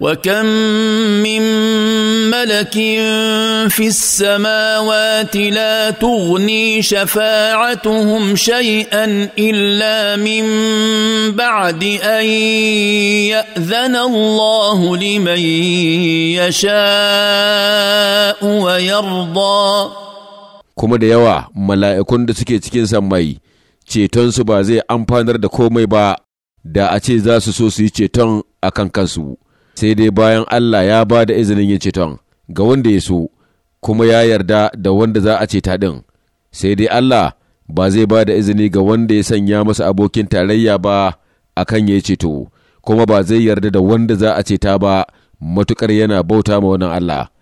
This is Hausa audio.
وكم من ملك في السماوات لا تغني شفاعتهم شيئا الا من بعد ان ياذن الله لمن يشاء ويرضى kuma da yawa mala'ikun da suke cikin sammai cetonsu ba zai amfanar da komai ba da a ce za su so su yi ceton a kan kansu sai dai bayan Allah ya ba da izinin ya ceton ga wanda ya so kuma ya yarda da wanda za a ceta ɗin sai dai Allah ba zai ba da izini ga wanda ya sanya masa abokin tarayya ba a kan ya ceto kuma ba zai yarda da wanda za a ceta ba matukar yana bauta ma wannan Allah